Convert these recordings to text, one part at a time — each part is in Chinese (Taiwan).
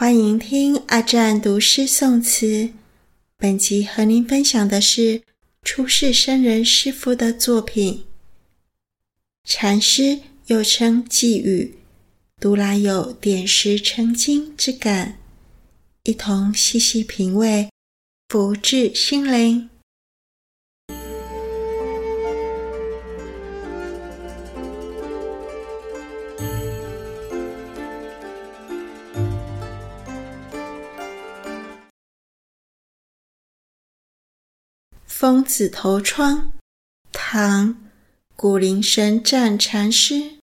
歡迎聽阿占讀詩誦詞。本集和您分享的是出世僧人師父的作品。禪詩又稱偈語，讀來有點石成金之感，一同細細品味，福至心靈。蜂子投窗，唐·古靈神贊禪師。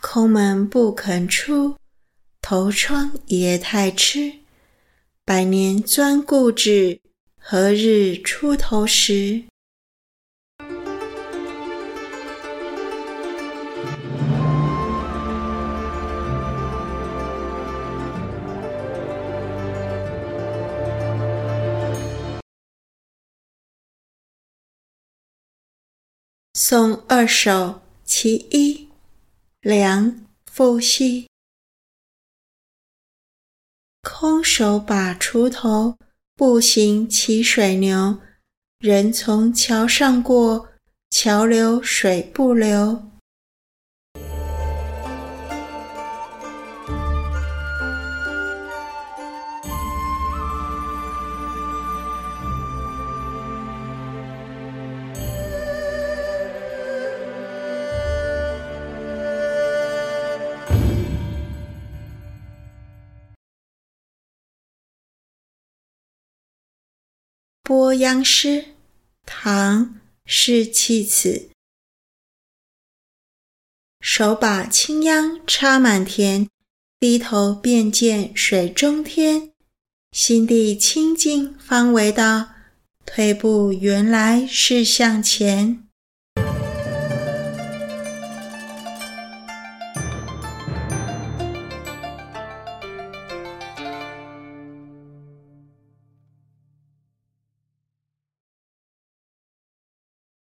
空門不肯出，投窗也太癡。百年鑽故紙，何日出頭時？《頌二首·其一》（梁·傅翕）：空手把鋤頭，步行騎水牛。人從橋上過，橋流水不流。播秧詩，唐，釋契此。手把青秧插滿田，低頭便見水中天。心地清淨方為道，退步原來是向前。